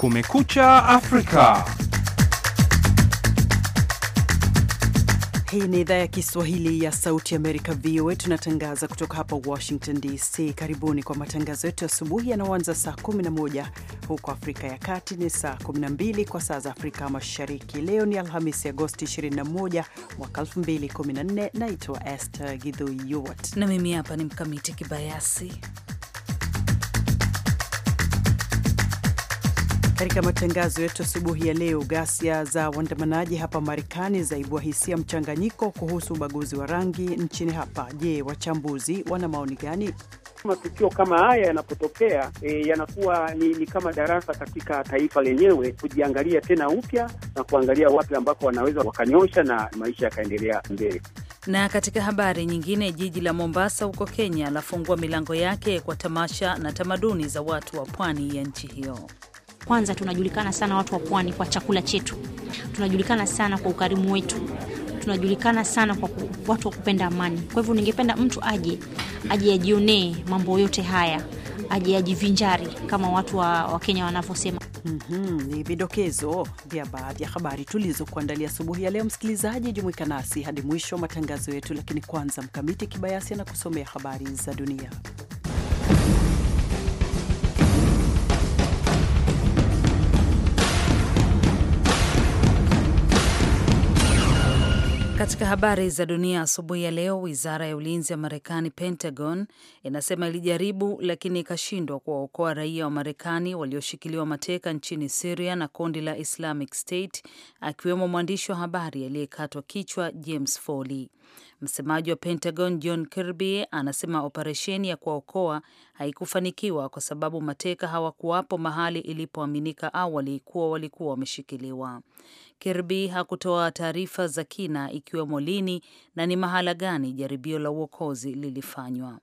Kumekucha Afrika. Hii ni idhaa ya Kiswahili ya Sauti Amerika, VOA. Tunatangaza kutoka hapa Washington DC. Karibuni kwa matangazo yetu asubuhi yanaoanza saa 11 huko Afrika ya Kati, ni saa 12 kwa saa za Afrika Mashariki. Leo ni Alhamisi, Agosti 21 mwaka 2014. Naitwa Esther Gidhu Yuwat na mimi hapa ni Mkamiti Kibayasi Katika matangazo yetu asubuhi ya leo, ghasia za waandamanaji hapa Marekani zaibua hisia mchanganyiko kuhusu ubaguzi wa rangi nchini hapa. Je, wachambuzi wana maoni gani? Matukio kama haya yanapotokea e, yanakuwa ni, ni kama darasa katika taifa lenyewe kujiangalia tena upya na kuangalia wapi ambako wanaweza wakanyosha na maisha yakaendelea mbele. Na katika habari nyingine, jiji la Mombasa huko Kenya lafungua milango yake kwa tamasha na tamaduni za watu wa pwani ya nchi hiyo. Kwanza tunajulikana sana watu wa pwani kwa chakula chetu, tunajulikana sana kwa ukarimu wetu, tunajulikana sana kwa ku, watu wa kupenda amani. Kwa hivyo ningependa mtu aje aje ajionee mambo yote haya, aje ajivinjari kama watu wa, wa Kenya wanavyosema. Mm -hmm. Ni vidokezo vya baadhi ya habari tulizokuandalia asubuhi ya leo. Msikilizaji, jumuika nasi hadi mwisho wa matangazo yetu, lakini kwanza Mkamiti Kibayasi anakusomea habari za dunia. Katika habari za dunia asubuhi ya leo, wizara ya ulinzi ya Marekani, Pentagon, inasema ilijaribu lakini ikashindwa kuwaokoa raia wa Marekani walioshikiliwa mateka nchini Siria na kundi la Islamic State, akiwemo mwandishi wa habari aliyekatwa kichwa James Foley. Msemaji wa Pentagon John Kirby anasema operesheni ya kuwaokoa haikufanikiwa kwa sababu mateka hawakuwapo mahali ilipoaminika awali kuwa walikuwa wameshikiliwa. Kirby hakutoa taarifa za kina ikiwemo lini na ni mahala gani jaribio la uokozi lilifanywa.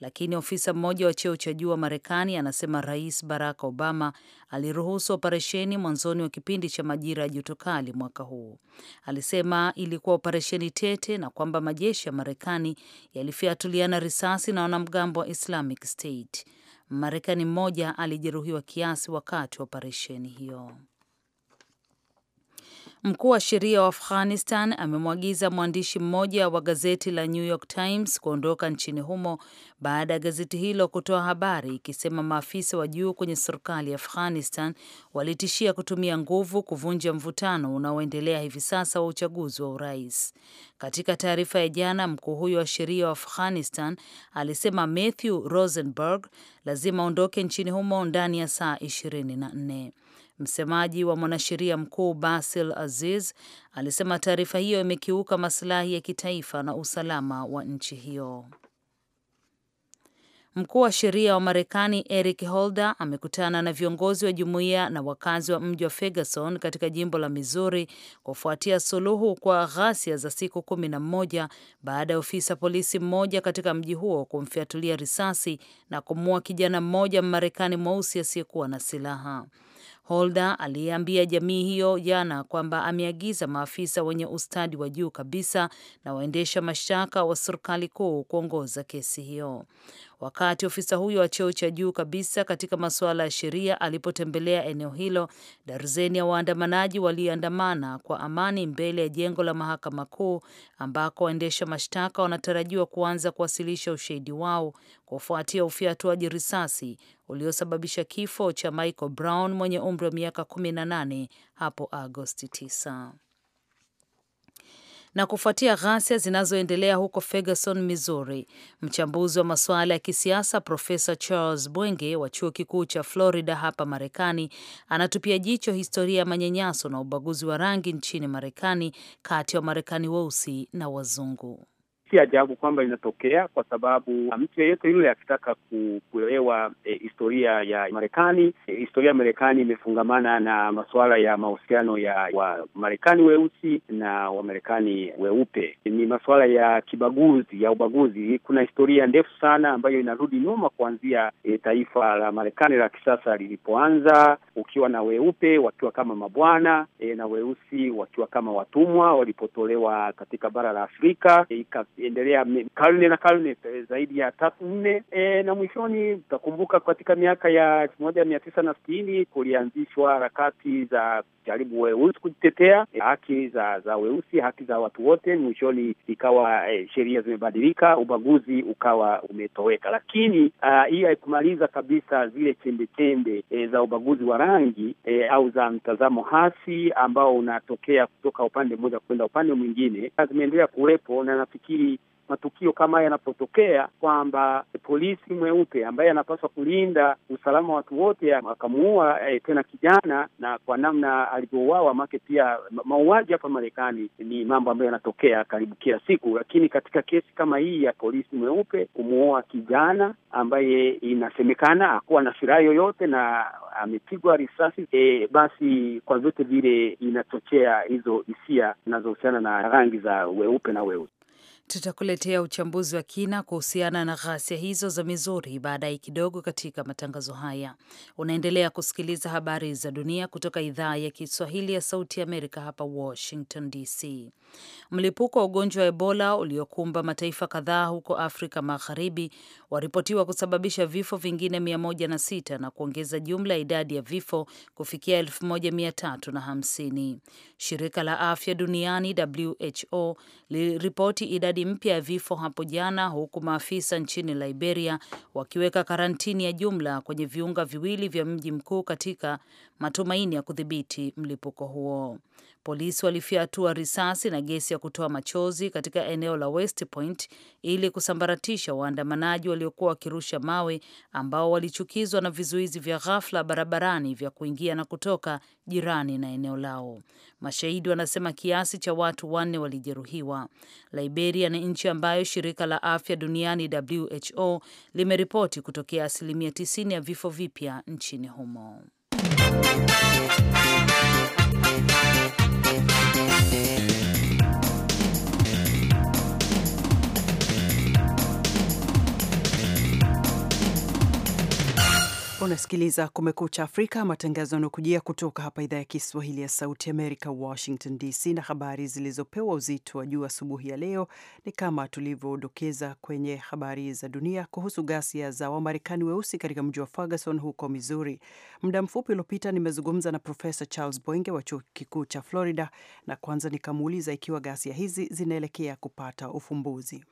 Lakini ofisa mmoja wa cheo cha juu wa Marekani anasema Rais Barack Obama aliruhusu operesheni mwanzoni wa kipindi cha majira ya joto kali mwaka huu. Alisema ilikuwa operesheni tete na kwamba majeshi ya Marekani yalifiatuliana risasi na wanamgambo wa Islamic State. Marekani mmoja alijeruhiwa kiasi wakati wa operesheni hiyo. Mkuu wa sheria wa Afghanistan amemwagiza mwandishi mmoja wa gazeti la New York Times kuondoka nchini humo baada ya gazeti hilo kutoa habari ikisema maafisa wa juu kwenye serikali ya Afghanistan walitishia kutumia nguvu kuvunja mvutano unaoendelea hivi sasa wa uchaguzi wa urais. Katika taarifa ya jana, mkuu huyo wa sheria wa Afghanistan alisema Matthew Rosenberg lazima aondoke nchini humo ndani ya saa 24. Msemaji wa mwanasheria mkuu Basil Aziz alisema taarifa hiyo imekiuka masilahi ya kitaifa na usalama wa nchi hiyo. Mkuu wa sheria wa Marekani Eric Holder amekutana na viongozi wa jumuiya na wakazi wa mji wa Ferguson katika jimbo la Missouri kufuatia suluhu kwa ghasia za siku kumi na mmoja baada ya ofisa polisi mmoja katika mji huo kumfiatulia risasi na kumuua kijana mmoja Mmarekani mweusi asiyekuwa na silaha. Holder aliyeambia jamii hiyo jana kwamba ameagiza maafisa wenye ustadi wa juu kabisa na waendesha mashtaka wa serikali kuu kuongoza kesi hiyo wakati ofisa huyo wa cheo cha juu kabisa katika masuala ya sheria alipotembelea eneo hilo. Darzeni ya waandamanaji waliandamana kwa amani mbele ya jengo la mahakama kuu ambako waendesha mashtaka wanatarajiwa kuanza kuwasilisha ushahidi wao kufuatia ufyatuaji risasi uliosababisha kifo cha Michael Brown mwenye umri wa miaka 18 hapo Agosti 9 na kufuatia ghasia zinazoendelea huko Ferguson, Missouri. Mchambuzi wa masuala ya kisiasa Profesa Charles Bwenge wa chuo kikuu cha Florida hapa Marekani anatupia jicho historia ya manyanyaso na ubaguzi wa rangi nchini Marekani kati ya Wamarekani weusi na wazungu si ajabu kwamba inatokea, kwa sababu uh, mtu yeyote yule akitaka kuelewa e, historia ya Marekani e, historia ya Marekani imefungamana na masuala ya mahusiano ya Wamarekani weusi na Wamarekani weupe. Ni masuala ya kibaguzi, ya ubaguzi. Kuna historia ndefu sana ambayo inarudi nyuma kuanzia e, taifa la Marekani la kisasa lilipoanza, ukiwa na weupe wakiwa kama mabwana e, na weusi wakiwa kama watumwa walipotolewa katika bara la Afrika e, ikiendelea karne na karne zaidi ya tatu nne. E, na mwishoni utakumbuka katika miaka ya elfu moja mia tisa na sitini kulianzishwa harakati za kujaribu weusi kujitetea e, haki za za weusi, haki za watu wote. Mwishoni ikawa e, sheria zimebadilika, ubaguzi ukawa umetoweka, lakini hii haikumaliza kabisa zile chembechembe e, za ubaguzi wa rangi e, au za mtazamo hasi ambao unatokea kutoka upande mmoja kwenda upande mwingine, zimeendelea kuwepo na nafikiri matukio kama yanapotokea kwamba polisi mweupe ambaye anapaswa kulinda usalama watu wote akamuua e, tena kijana na kwa namna alivyouawa. Make pia mauaji hapa Marekani ni mambo ambayo yanatokea karibu kila siku, lakini katika kesi kama hii ya polisi mweupe kumuoa kijana ambaye inasemekana hakuwa na silaha yoyote na amepigwa risasi e, basi kwa vyote vile inachochea hizo hisia zinazohusiana na rangi za weupe na weusi. Tutakuletea uchambuzi wa kina kuhusiana na ghasia hizo za Mizuri baadaye kidogo katika matangazo haya. Unaendelea kusikiliza habari za dunia kutoka idhaa ya Kiswahili ya Sauti ya Amerika, hapa Washington DC. Mlipuko wa ugonjwa wa Ebola uliokumba mataifa kadhaa huko Afrika Magharibi waripotiwa kusababisha vifo vingine 106 na kuongeza jumla ya idadi ya vifo kufikia 1350. Shirika la Afya Duniani, WHO, liliripoti idadi idadi mpya ya vifo hapo jana, huku maafisa nchini Liberia wakiweka karantini ya jumla kwenye viunga viwili vya mji mkuu katika matumaini ya kudhibiti mlipuko huo. Polisi walifyatua risasi na gesi ya kutoa machozi katika eneo la West Point ili kusambaratisha waandamanaji waliokuwa wakirusha mawe ambao walichukizwa na vizuizi vya ghafla barabarani vya kuingia na kutoka jirani na eneo lao. Mashahidi wanasema kiasi cha watu wanne walijeruhiwa. Liberia ni nchi ambayo shirika la afya duniani WHO limeripoti kutokea asilimia 90 ya vifo vipya nchini humo. Unasikiliza Kumekucha Afrika, matangazo yanayokujia kutoka hapa idhaa ya Kiswahili ya Sauti Amerika, Washington DC. Na habari zilizopewa uzito wa juu asubuhi ya leo ni kama tulivyodokeza kwenye habari za dunia kuhusu ghasia za Wamarekani weusi katika mji wa Ferguson huko Missouri. Muda mfupi uliopita nimezungumza na Profesa Charles Boinge wa chuo kikuu cha Florida, na kwanza nikamuuliza ikiwa ghasia hizi zinaelekea kupata ufumbuzi.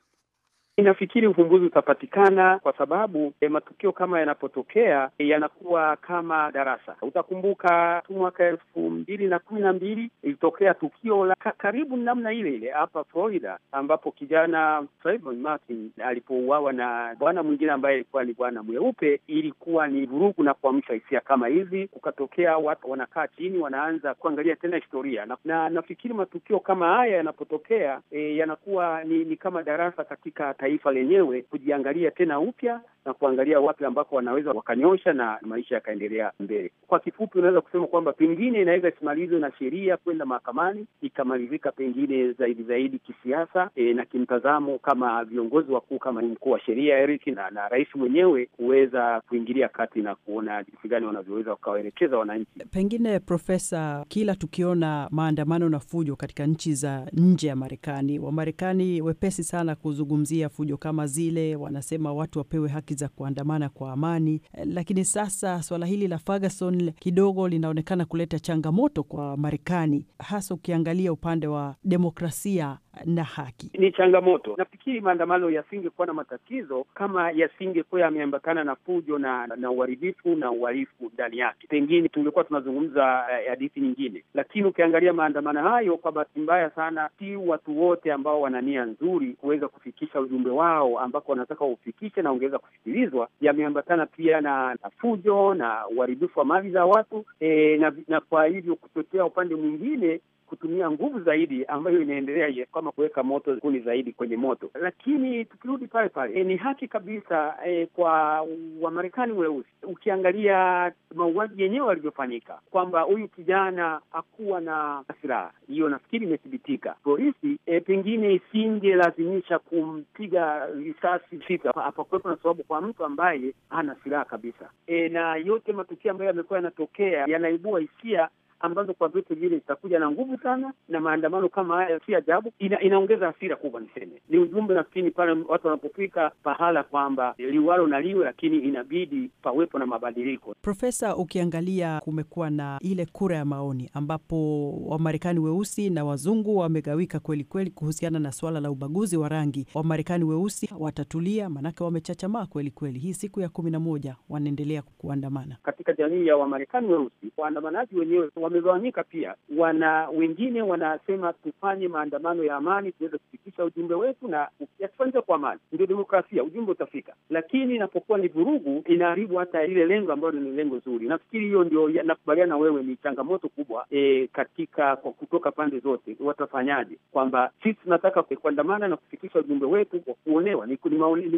Inafikiri ufumbuzi utapatikana kwa sababu e, matukio kama yanapotokea e, yanakuwa kama darasa. Utakumbuka tu mwaka elfu mbili na kumi na mbili ilitokea tukio la karibu namna ile ile hapa Florida, ambapo kijana Trayvon Martin alipouawa na bwana mwingine ambaye ilikuwa ni bwana mweupe. Ilikuwa ni vurugu na kuamsha hisia kama hivi kukatokea watu wanakaa chini, wanaanza kuangalia tena historia na, na nafikiri matukio kama haya yanapotokea e, yanakuwa ni, ni kama darasa katika taifa lenyewe kujiangalia tena upya na kuangalia wapi ambako wanaweza wakanyosha na maisha yakaendelea mbele. Kwa kifupi, unaweza kusema kwamba pengine inaweza isimalizwe na sheria kwenda mahakamani, ikamalizika pengine zaidi zaidi kisiasa e, na kimtazamo kama viongozi wakuu kama mkuu wa sheria Eric na, na rais mwenyewe kuweza kuingilia kati na kuona jinsi gani wanavyoweza wakawaelekeza wananchi. Pengine Profesa, kila tukiona maandamano na fujo katika nchi za nje ya Marekani, Wamarekani wepesi sana kuzungumzia fujo kama zile, wanasema watu wapewe haki za kuandamana kwa amani. Eh, lakini sasa swala hili la Ferguson kidogo linaonekana kuleta changamoto kwa Marekani, hasa ukiangalia upande wa demokrasia na haki. Ni changamoto. Nafikiri maandamano yasingekuwa na matatizo kama yasingekuwa yameambatana na fujo na na uharibifu na uhalifu ndani yake, pengine tungekuwa tunazungumza eh, hadithi uh, nyingine. Lakini ukiangalia maandamano hayo, kwa bahati mbaya sana, si watu wote ambao wana nia nzuri kuweza kufikisha ujumbe wao ambako wanataka waufikishe na ungeweza kusikilizwa, yameambatana pia na, na fujo na uharibifu wa mali za watu e, na, na kwa hivyo kuchochea upande mwingine kutumia nguvu zaidi ambayo inaendelea kama kuweka moto kuni zaidi kwenye moto. Lakini tukirudi pale pale, e, ni haki kabisa e, kwa Wamarekani weusi, ukiangalia mauaji yenyewe yalivyofanyika, kwamba huyu kijana hakuwa na silaha, hiyo nafikiri imethibitika. Polisi e, pengine isingelazimisha kumpiga risasi sita, hapakuwepo na sababu kwa mtu ambaye hana silaha kabisa. E, na yote matukio ambayo yamekuwa yanatokea yanaibua hisia ambazo kwa vitu vile zitakuja na nguvu sana, na maandamano kama haya si ajabu, ina, inaongeza hasira kubwa. Niseme ni ujumbe nafikiri pale watu wanapofika pahala kwamba liwalo na liwe, lakini inabidi pawepo na mabadiliko. Profesa, ukiangalia kumekuwa na ile kura ya maoni ambapo Wamarekani weusi na wazungu wamegawika kweli kweli kuhusiana na swala la ubaguzi wa rangi. Wamarekani weusi watatulia, maanake wamechachamaa kweli kweli, hii siku ya kumi na moja wanaendelea kuandamana katika jamii ya Wamarekani weusi. Waandamanaji wenyewe wamegawanyika pia, wana wengine wanasema tufanye maandamano ya amani tuweze kufikisha ujumbe wetu, na yakifanyika kwa amani ndio demokrasia, ujumbe utafika. Lakini inapokuwa ni vurugu, inaharibu hata lile lengo ambalo ni lengo zuri. Nafikiri hiyo ndio nakubaliana na wewe, ni changamoto kubwa e, katika kwa kutoka pande zote watafanyaje, kwamba sisi tunataka kuandamana na kufikisha ujumbe wetu kwa kuonewa, ni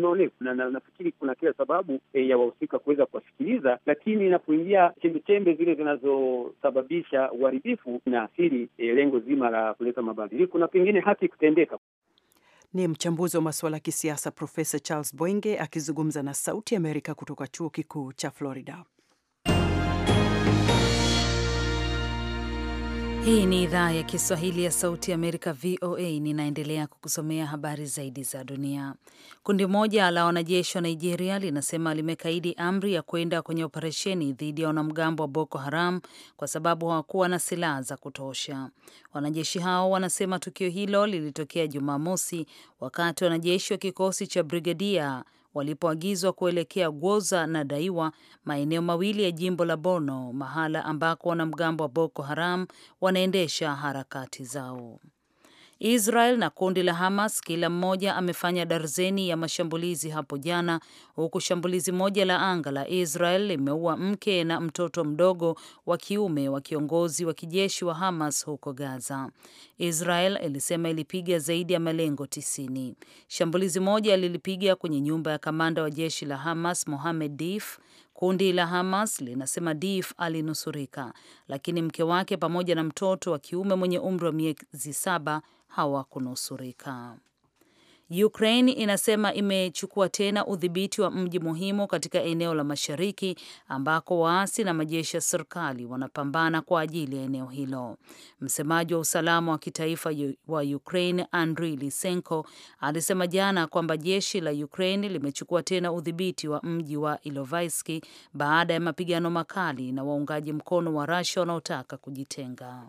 maonevu, na nafikiri kuna kila sababu e, ya wahusika kuweza kuwasikiliza, lakini inapoingia chembechembe zile zinazosababisha kusababisha uharibifu na asili e, lengo zima la kuleta mabadiliko na pengine haki kutendeka. Ni mchambuzi wa masuala ya kisiasa Profesa Charles Boinge akizungumza na Sauti Amerika kutoka chuo kikuu cha Florida. Hii ni idhaa ya Kiswahili ya Sauti ya Amerika, VOA. Ninaendelea kukusomea habari zaidi za dunia. Kundi moja la wanajeshi wa Nigeria linasema limekaidi amri ya kwenda kwenye operesheni dhidi ya wanamgambo wa Boko Haram kwa sababu hawakuwa na silaha za kutosha. Wanajeshi hao wanasema tukio hilo lilitokea Jumamosi wakati wanajeshi wa kikosi cha brigedia walipoagizwa kuelekea Gwoza na Daiwa, maeneo mawili ya jimbo la Borno, mahala ambako wanamgambo wa Boko Haram wanaendesha harakati zao. Israel na kundi la Hamas kila mmoja amefanya darzeni ya mashambulizi hapo jana, huku shambulizi moja la anga la Israel limeua mke na mtoto mdogo wa kiume wa kiongozi wa kijeshi wa Hamas huko Gaza. Israel ilisema ilipiga zaidi ya malengo tisini. Shambulizi moja lilipiga kwenye nyumba ya kamanda wa jeshi la Hamas Mohamed Dif. Kundi la Hamas linasema Dif alinusurika, lakini mke wake pamoja na mtoto wa kiume mwenye umri wa miezi saba hawakunusurika. Ukraine inasema imechukua tena udhibiti wa mji muhimu katika eneo la mashariki ambako waasi na majeshi ya serikali wanapambana kwa ajili ya eneo hilo. Msemaji wa usalama wa kitaifa wa Ukraine Andriy Lisenko alisema jana kwamba jeshi la Ukraine limechukua tena udhibiti wa mji wa Ilovaiski baada ya mapigano makali na waungaji mkono wa Russia wanaotaka kujitenga.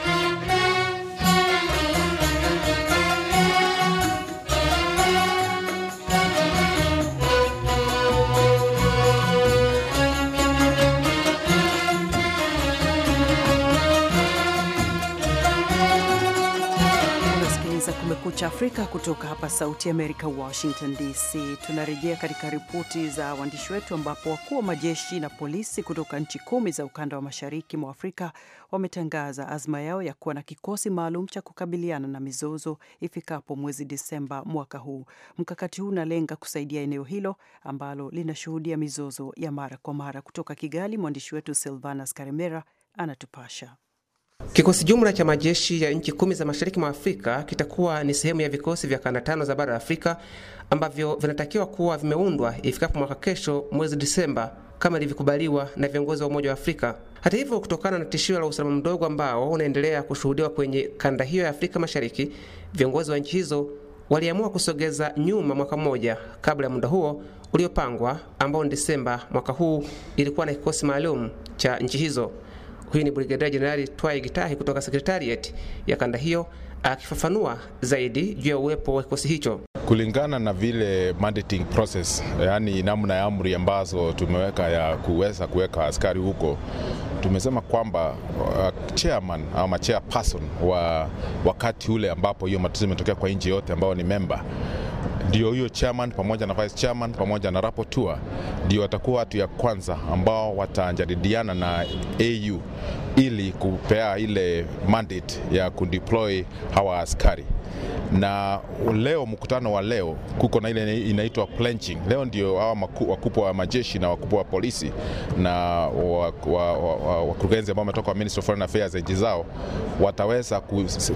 Kumekucha Afrika kutoka hapa Sauti Amerika, Washington DC. Tunarejea katika ripoti za waandishi wetu, ambapo wakuu wa majeshi na polisi kutoka nchi kumi za ukanda wa mashariki mwa Afrika wametangaza azma yao ya kuwa na kikosi maalum cha kukabiliana na mizozo ifikapo mwezi Disemba mwaka huu. Mkakati huu unalenga kusaidia eneo hilo ambalo linashuhudia mizozo ya mara kwa mara. Kutoka Kigali, mwandishi wetu Silvanas Karemera anatupasha. Kikosi jumla cha majeshi ya nchi kumi za mashariki mwa Afrika kitakuwa ni sehemu ya vikosi vya kanda tano za bara la Afrika ambavyo vinatakiwa kuwa vimeundwa ifikapo mwaka kesho mwezi Disemba kama ilivyokubaliwa na viongozi wa Umoja wa Afrika. Hata hivyo, kutokana na tishio la usalama mdogo ambao unaendelea kushuhudiwa kwenye kanda hiyo ya Afrika Mashariki, viongozi wa nchi hizo waliamua kusogeza nyuma mwaka mmoja kabla ya muda huo uliopangwa ambao ni Disemba mwaka huu, ilikuwa na kikosi maalum cha nchi hizo. Huyu ni Brigedia Jenerali Twai Gitahi kutoka sekretariat ya kanda hiyo akifafanua zaidi juu ya uwepo wa kikosi hicho. Kulingana na vile mandating process, yaani namna ya amri ambazo tumeweka ya kuweza kuweka askari huko, tumesema kwamba uh, chairman ama chairperson wa wakati ule ambapo hiyo matatizo imetokea kwa nchi yote ambao ni memba ndio hiyo chairman pamoja na vice chairman pamoja na rapporteur ndio watakuwa watu ya kwanza ambao watajadiliana na AU ili kupea ile mandate ya kudeploy hawa askari na leo mkutano wa leo kuko na ile inaitwa plenching. Leo ndio hawa wakubwa wa majeshi na wakubwa wa polisi na wakurugenzi ambao wametoka wa Ministry of Foreign Affairs nchi zao wataweza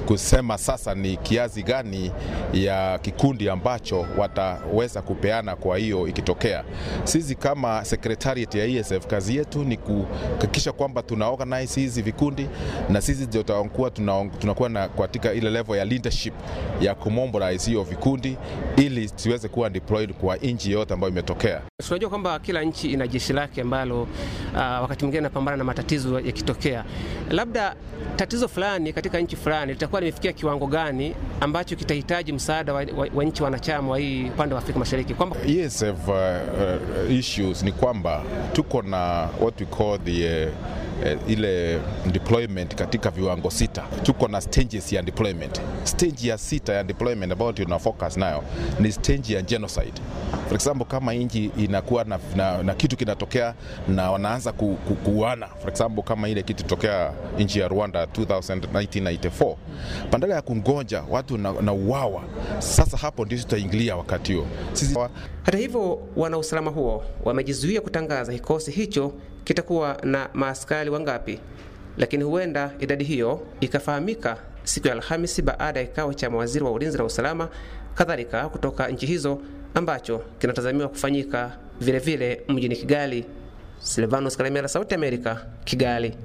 kusema sasa ni kiasi gani ya kikundi ambacho wataweza kupeana. Kwa hiyo ikitokea sisi kama secretariat ya ESF kazi yetu ni kuhakikisha kwamba tuna organize hizi vikundi na sisi ndio tutakuwa tunakuwa katika ile level ya leadership ya kumobilize hiyo vikundi ili siweze kuwa deployed kwa nchi yote ambayo imetokea. Tunajua kwamba kila nchi ina jeshi lake ambalo uh, wakati mwingine anapambana na matatizo yakitokea, labda tatizo fulani katika nchi fulani litakuwa limefikia kiwango gani ambacho kitahitaji msaada wa, wa, wa nchi wanachama wa hii upande wa Afrika Mashariki kwamba ESF uh, issues ni kwamba tuko na what we call the uh, eh, ile deployment katika viwango sita. Tuko na stages ya deployment. Stage ya sita ya deployment ambayo tuna focus nayo ni stage ya genocide. For example, kama inji inakuwa na, na, na kitu kinatokea na wanaanza ku, ku, kuana. For example, kama ile kitu tokea inji ya Rwanda 1994 badala ya kungoja watu na, na uawa, sasa hapo ndio tutaingilia wakati huo sisi. Hata hivyo, wana usalama huo wamejizuia kutangaza kikosi hicho kitakuwa na maaskari wangapi, lakini huenda idadi hiyo ikafahamika siku ya Alhamisi baada ya kikao cha mawaziri wa ulinzi na usalama kadhalika kutoka nchi hizo ambacho kinatazamiwa kufanyika vilevile mjini Kigali. Silvanus Kalemera, Sauti Amerika, Kigali.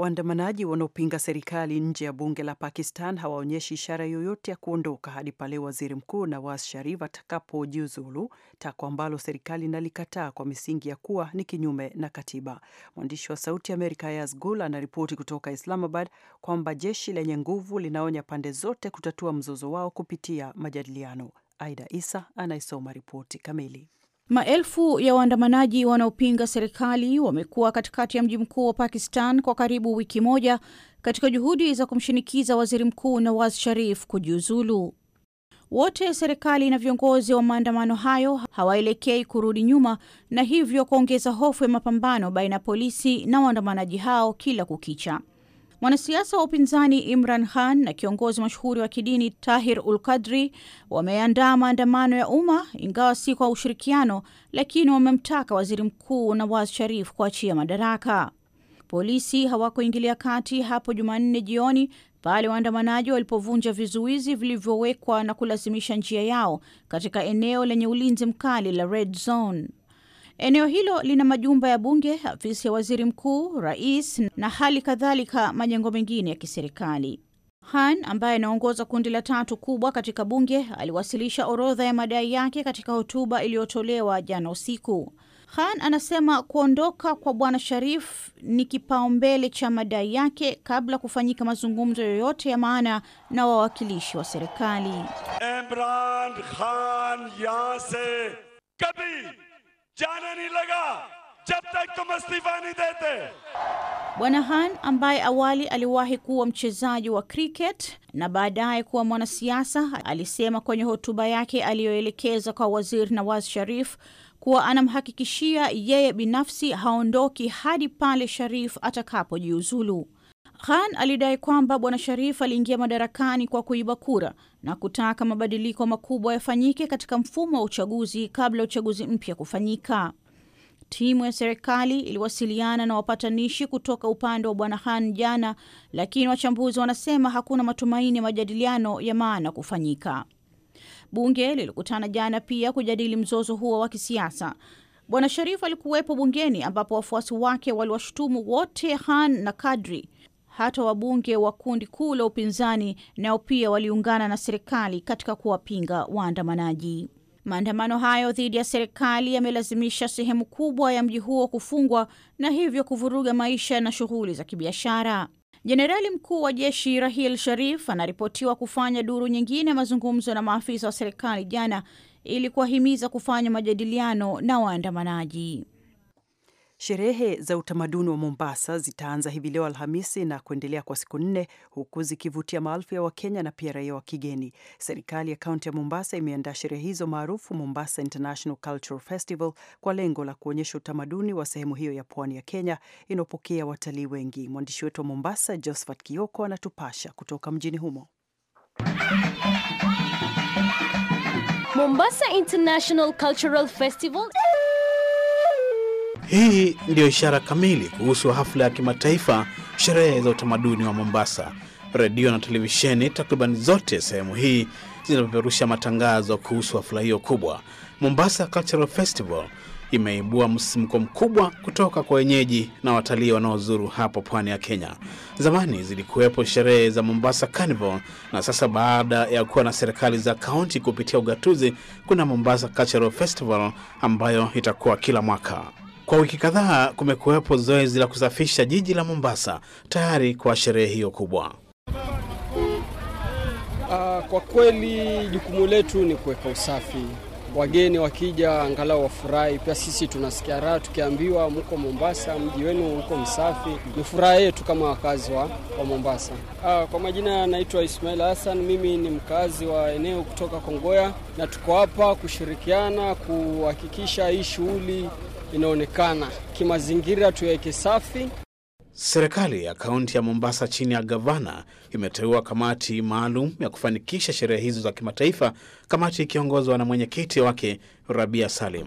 Waandamanaji wanaopinga serikali nje ya bunge la Pakistan hawaonyeshi ishara yoyote ya kuondoka hadi pale waziri mkuu Nawaz Sharif atakapojiuzulu, takwa ambalo serikali inalikataa kwa misingi ya kuwa ni kinyume na katiba. Mwandishi wa Sauti ya Amerika Ayaz Gul anaripoti kutoka Islamabad kwamba jeshi lenye nguvu linaonya pande zote kutatua mzozo wao kupitia majadiliano. Aida Isa anaisoma ripoti kamili. Maelfu ya waandamanaji wanaopinga serikali wamekuwa katikati ya mji mkuu wa Pakistan kwa karibu wiki moja katika juhudi za kumshinikiza waziri mkuu Nawaz Sharif kujiuzulu. Wote serikali na viongozi wa maandamano hayo hawaelekei kurudi nyuma na hivyo kuongeza hofu ya mapambano baina ya polisi na waandamanaji hao kila kukicha. Mwanasiasa wa upinzani Imran Khan na kiongozi mashuhuri wa kidini Tahir ul Kadri wameandaa maandamano ya umma, ingawa si kwa ushirikiano, lakini wamemtaka waziri mkuu Nawaz Sharif kuachia madaraka. Polisi hawakuingilia kati hapo Jumanne jioni pale waandamanaji walipovunja vizuizi vilivyowekwa na kulazimisha njia yao katika eneo lenye ulinzi mkali la Red Zone. Eneo hilo lina majumba ya bunge, afisi ya waziri mkuu, rais na hali kadhalika majengo mengine ya kiserikali. Han ambaye anaongoza kundi la tatu kubwa katika bunge aliwasilisha orodha ya madai yake katika hotuba iliyotolewa jana usiku. han anasema kuondoka kwa bwana Sharif ni kipaumbele cha madai yake kabla kufanyika mazungumzo yoyote ya maana na wawakilishi wa serikali. Imran Khan yase jana ni laga jab tak tum istifa nahi dete Bwana Han ambaye awali aliwahi kuwa mchezaji wa cricket na baadaye kuwa mwanasiasa alisema kwenye hotuba yake aliyoelekeza kwa Waziri Nawaz Sharif kuwa anamhakikishia yeye binafsi haondoki hadi pale Sharif atakapojiuzulu. Khan alidai kwamba Bwana Sharif aliingia madarakani kwa kuiba kura na kutaka mabadiliko makubwa yafanyike katika mfumo wa uchaguzi kabla ya uchaguzi mpya kufanyika. Timu ya serikali iliwasiliana na wapatanishi kutoka upande wa Bwana Khan jana, lakini wachambuzi wanasema hakuna matumaini ya majadiliano ya maana kufanyika. Bunge lilikutana jana pia kujadili mzozo huo wa kisiasa. Bwana Sharif alikuwepo bungeni ambapo wafuasi wake waliwashutumu wote Khan na Kadri hata wabunge wa kundi kuu la upinzani nao pia waliungana na serikali katika kuwapinga waandamanaji. Maandamano hayo dhidi ya serikali yamelazimisha sehemu kubwa ya mji huo kufungwa na hivyo kuvuruga maisha na shughuli za kibiashara. Jenerali mkuu wa jeshi Rahil Sharif anaripotiwa kufanya duru nyingine ya mazungumzo na maafisa wa serikali jana ili kuwahimiza kufanya majadiliano na waandamanaji. Sherehe za utamaduni wa Mombasa zitaanza hivi leo Alhamisi na kuendelea kwa siku nne, huku zikivutia maelfu ya Wakenya na pia raia wa kigeni. Serikali ya kaunti ya Mombasa imeandaa sherehe hizo maarufu Mombasa International Cultural Festival kwa lengo la kuonyesha utamaduni wa sehemu hiyo ya pwani ya Kenya inayopokea watalii wengi. Mwandishi wetu wa Mombasa, Josephat Kioko, anatupasha kutoka mjini humo. Mombasa International Cultural Festival hii ndiyo ishara kamili kuhusu hafla ya kimataifa, sherehe za utamaduni wa Mombasa. Redio na televisheni takribani zote sehemu hii zinapeperusha matangazo kuhusu hafla hiyo kubwa. Mombasa Cultural Festival imeibua msimko mkubwa kutoka kwa wenyeji na watalii wanaozuru hapo pwani ya Kenya. Zamani zilikuwepo sherehe za Mombasa Carnival, na sasa baada ya kuwa na serikali za kaunti kupitia ugatuzi, kuna Mombasa Cultural Festival ambayo itakuwa kila mwaka. Kwa wiki kadhaa kumekuwepo zoezi la kusafisha jiji la Mombasa tayari kwa sherehe hiyo kubwa. Uh, kwa kweli jukumu letu ni kuweka usafi, wageni wakija angalau wafurahi. Pia sisi tunasikia raha tukiambiwa mko Mombasa, mji wenu uko msafi. Ni furaha yetu kama wakazi wa, wa Mombasa. Ah, kwa majina anaitwa Ismail Hassan, mimi ni mkazi wa eneo kutoka Kongoya, na tuko hapa kushirikiana kuhakikisha hii shughuli inaonekana kimazingira, tuweke safi. Serikali ya kaunti ya Mombasa chini ya gavana imeteua kamati maalum ya kufanikisha sherehe hizo za kimataifa, kamati ikiongozwa na mwenyekiti wake Rabia Salim.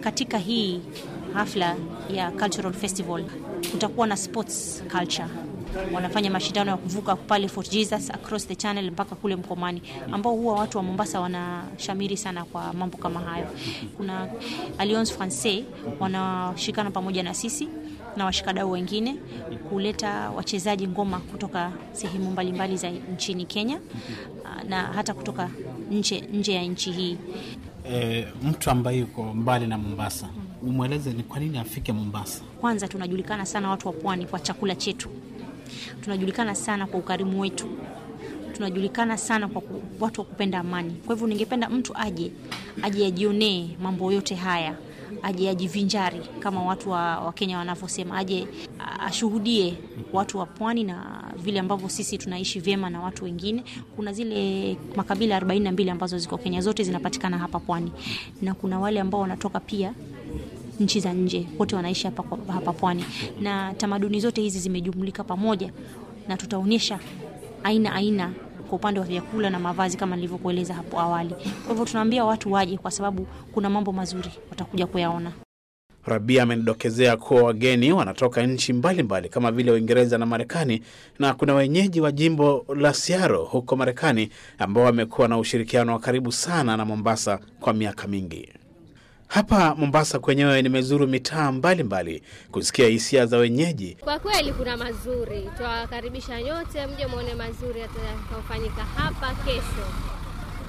Katika hii hafla ya cultural festival kutakuwa na sports culture wanafanya mashindano ya kuvuka pale Fort Jesus across the channel mpaka kule Mkomani, ambao huwa watu wa Mombasa wanashamiri sana kwa mambo kama hayo. Kuna Alliance Francaise wanashikana pamoja na sisi na washikadau wengine kuleta wachezaji ngoma kutoka sehemu mbalimbali za nchini Kenya uh, na hata kutoka nje, nje ya nchi hii. E, mtu ambaye yuko mbali na Mombasa mm. umweleze ni kwa nini afike Mombasa? Kwanza tunajulikana sana watu wa pwani kwa chakula chetu tunajulikana sana kwa ukarimu wetu, tunajulikana sana kwa watu wa kupenda amani. Kwa hivyo ningependa mtu aje aje ajionee mambo yote haya, aje ajivinjari kama watu wa, wa Kenya wanavyosema, aje ashuhudie watu wa pwani na vile ambavyo sisi tunaishi vyema na watu wengine. Kuna zile makabila 42 ambazo ziko Kenya, zote zinapatikana hapa pwani, na kuna wale ambao wanatoka pia nchi za nje, wote wanaishi hapa, hapa pwani, na tamaduni zote hizi zimejumlika pamoja, na tutaonyesha aina aina kwa upande wa vyakula na mavazi kama nilivyokueleza hapo awali. Kwa hivyo tunaambia watu waje, kwa sababu kuna mambo mazuri watakuja kuyaona. Rabia amenidokezea kuwa wageni wanatoka nchi mbalimbali kama vile Uingereza na Marekani, na kuna wenyeji wa jimbo la Siaro huko Marekani ambao wamekuwa na ushirikiano wa karibu sana na Mombasa kwa miaka mingi. Hapa Mombasa kwenyewe nimezuru mitaa mbalimbali kusikia hisia za wenyeji. Kwa kweli kuna mazuri, twawakaribisha nyote, mje mwone mazuri yatakayofanyika hapa kesho.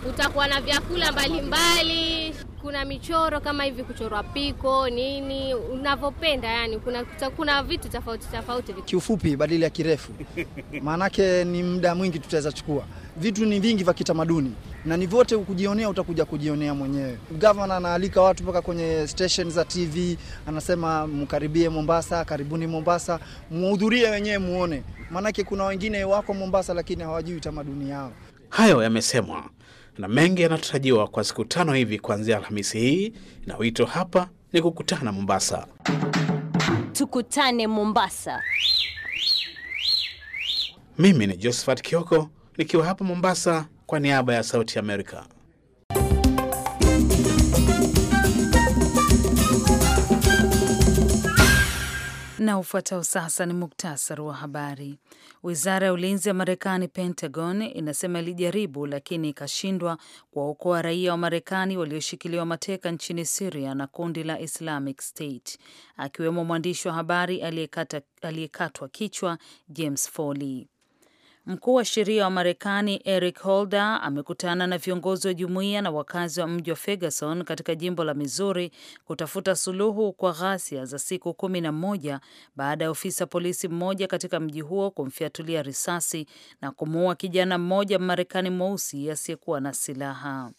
Utakuwa na vyakula mbalimbali mbali. Kuna michoro kama hivi, kuchorwa piko nini unavyopenda, yani kuna, kuna vitu tofauti tofauti. Kiufupi badili ya kirefu, maanake ni muda mwingi tutaweza chukua. Vitu ni vingi vya kitamaduni na ni vyote ukujionea, utakuja kujionea mwenyewe. Gavana anaalika watu mpaka kwenye station za TV, anasema mkaribie Mombasa, karibuni Mombasa, muhudhurie wenyewe muone, maanake kuna wengine wako Mombasa lakini hawajui tamaduni yao. Hayo yamesemwa na mengi yanatarajiwa kwa siku tano hivi kuanzia Alhamisi hii, na wito hapa ni kukutana Mombasa. Tukutane Mombasa. Mimi ni Josephat Kioko nikiwa hapa Mombasa kwa niaba ya Sauti Amerika. Na ufuatao sasa ni muktasari wa habari. Wizara ya ulinzi ya Marekani, Pentagon, inasema ilijaribu lakini ikashindwa kuwaokoa raia wa Marekani walioshikiliwa mateka nchini Siria na kundi la Islamic State, akiwemo mwandishi wa habari aliyekatwa kichwa James Foley. Mkuu wa sheria wa Marekani Eric Holder amekutana na viongozi wa jumuiya na wakazi wa mji wa Ferguson katika jimbo la Missouri kutafuta suluhu kwa ghasia za siku kumi na moja baada ya ofisa polisi mmoja katika mji huo kumfiatulia risasi na kumuua kijana mmoja Mmarekani mweusi asiyekuwa na silaha.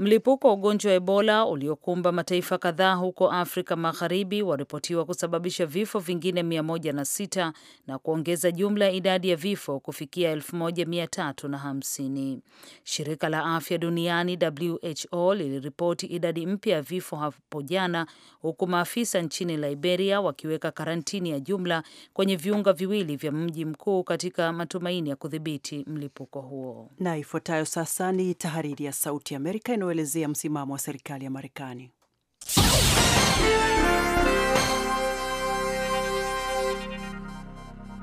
Mlipuko wa ugonjwa wa Ebola uliokumba mataifa kadhaa huko Afrika Magharibi waripotiwa kusababisha vifo vingine 106 na kuongeza jumla ya idadi ya vifo kufikia 1350. Shirika la Afya Duniani WHO liliripoti idadi mpya ya vifo hapo jana, huku maafisa nchini Liberia wakiweka karantini ya jumla kwenye viunga viwili vya mji mkuu katika matumaini ya kudhibiti mlipuko huo. Na ifuatayo sasa ni tahariri ya Sauti Amerika inayoelezea msimamo wa serikali ya Marekani.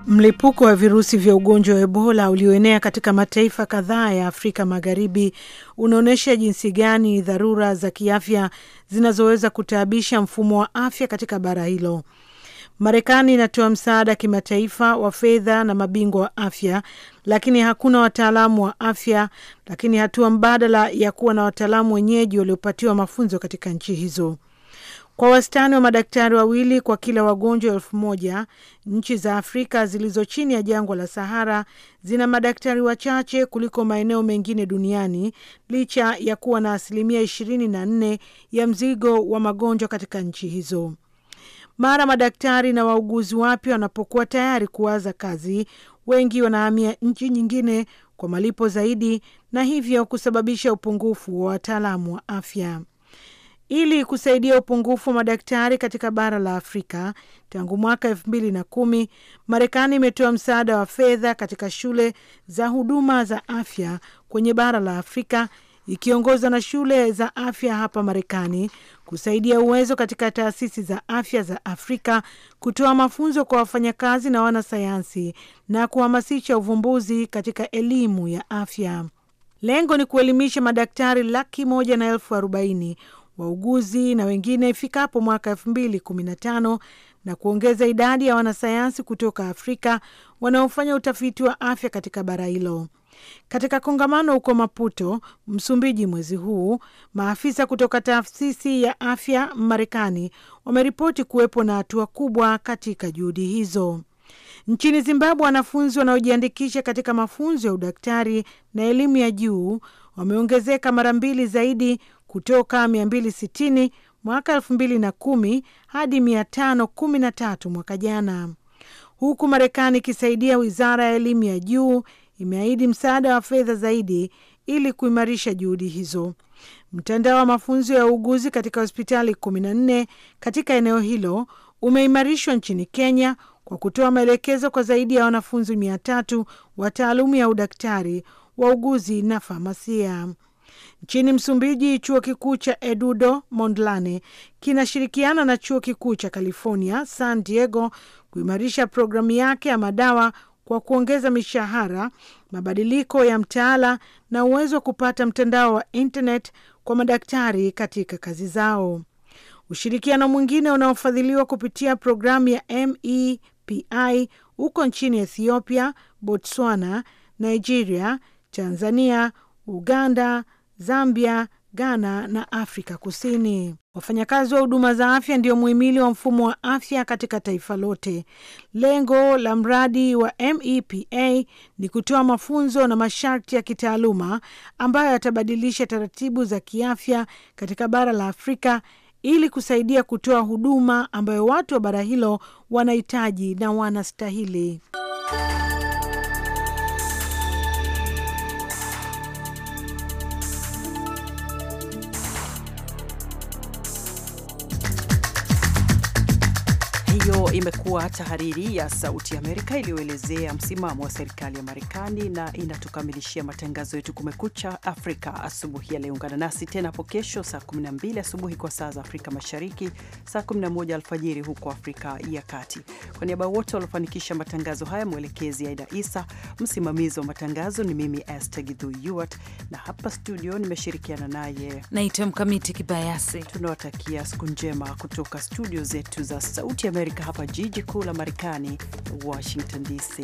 Mlipuko wa virusi vya ugonjwa wa Ebola ulioenea katika mataifa kadhaa ya Afrika Magharibi unaonyesha jinsi gani dharura za kiafya zinazoweza kutaabisha mfumo wa afya katika bara hilo. Marekani inatoa msaada kimataifa wa fedha na mabingwa wa afya lakini hakuna wataalamu wa afya, lakini hatua mbadala ya kuwa na wataalamu wenyeji waliopatiwa mafunzo katika nchi hizo. Kwa wastani wa madaktari wawili kwa kila wagonjwa elfu moja, nchi za Afrika zilizo chini ya jangwa la Sahara zina madaktari wachache kuliko maeneo mengine duniani licha ya kuwa na asilimia ishirini na nne ya mzigo wa magonjwa katika nchi hizo. Mara madaktari na wauguzi wapya wanapokuwa tayari kuanza kazi, wengi wanahamia nchi nyingine kwa malipo zaidi na hivyo kusababisha upungufu wa wataalamu wa afya. Ili kusaidia upungufu wa madaktari katika bara la Afrika, tangu mwaka elfu mbili na kumi Marekani imetoa msaada wa fedha katika shule za huduma za afya kwenye bara la Afrika ikiongozwa na shule za afya hapa Marekani kusaidia uwezo katika taasisi za afya za Afrika kutoa mafunzo kwa wafanyakazi na wanasayansi na kuhamasisha uvumbuzi katika elimu ya afya. Lengo ni kuelimisha madaktari laki moja na elfu arobaini wauguzi na wengine ifikapo mwaka elfu mbili kumi na tano na kuongeza idadi ya wanasayansi kutoka Afrika wanaofanya utafiti wa afya katika bara hilo. Katika kongamano huko Maputo, Msumbiji, mwezi huu, maafisa kutoka taasisi ya afya Marekani wameripoti kuwepo na hatua kubwa katika juhudi hizo. Nchini Zimbabwe, wanafunzi wanaojiandikisha katika mafunzo ya udaktari na elimu ya juu wameongezeka mara mbili zaidi kutoka 260 mwaka elfu mbili na kumi hadi mia tano kumi na tatu mwaka jana, huku Marekani ikisaidia wizara ya elimu ya juu imeahidi msaada wa fedha zaidi ili kuimarisha juhudi hizo. Mtandao wa mafunzo ya uuguzi katika hospitali nne katika eneo hilo umeimarishwa nchini Kenya kwa kutoa maelekezo kwa zaidi ya wanafunzi mia tatu wa taalumu ya udaktari, wauguzi na famasia. Nchini Msumbiji, chuo kikuu cha Eduardo Mondlane kinashirikiana na chuo kikuu cha California San Diego kuimarisha programu yake ya madawa kwa kuongeza mishahara, mabadiliko ya mtaala na uwezo wa kupata mtandao wa internet kwa madaktari katika kazi zao. Ushirikiano mwingine unaofadhiliwa kupitia programu ya MEPI huko nchini Ethiopia, Botswana, Nigeria, Tanzania, Uganda, Zambia, Ghana na Afrika Kusini. Wafanyakazi wa huduma za afya ndio muhimili wa mfumo wa afya katika taifa lote. Lengo la mradi wa MEPA ni kutoa mafunzo na masharti ya kitaaluma ambayo yatabadilisha taratibu za kiafya katika bara la Afrika ili kusaidia kutoa huduma ambayo watu wa bara hilo wanahitaji na wanastahili. imekuwa tahariri ya Sauti ya Amerika iliyoelezea msimamo wa serikali ya Marekani na inatukamilishia matangazo yetu Kumekucha Afrika asubuhi ya leo. Ungana nasi tena hapo kesho saa 12 asubuhi kwa saa za Afrika Mashariki, saa 11 alfajiri huko Afrika ya Kati. Kwa niaba wote waliofanikisha matangazo haya, mwelekezi Aida Isa, msimamizi wa matangazo ni mimi Esther Githuiyuat, na hapa studio nimeshirikiana naye naitwa Mkamiti Kibayasi. Tunawatakia siku njema kutoka studio zetu za Sauti ya Amerika hapa jiji kuu la Marekani, Washington DC.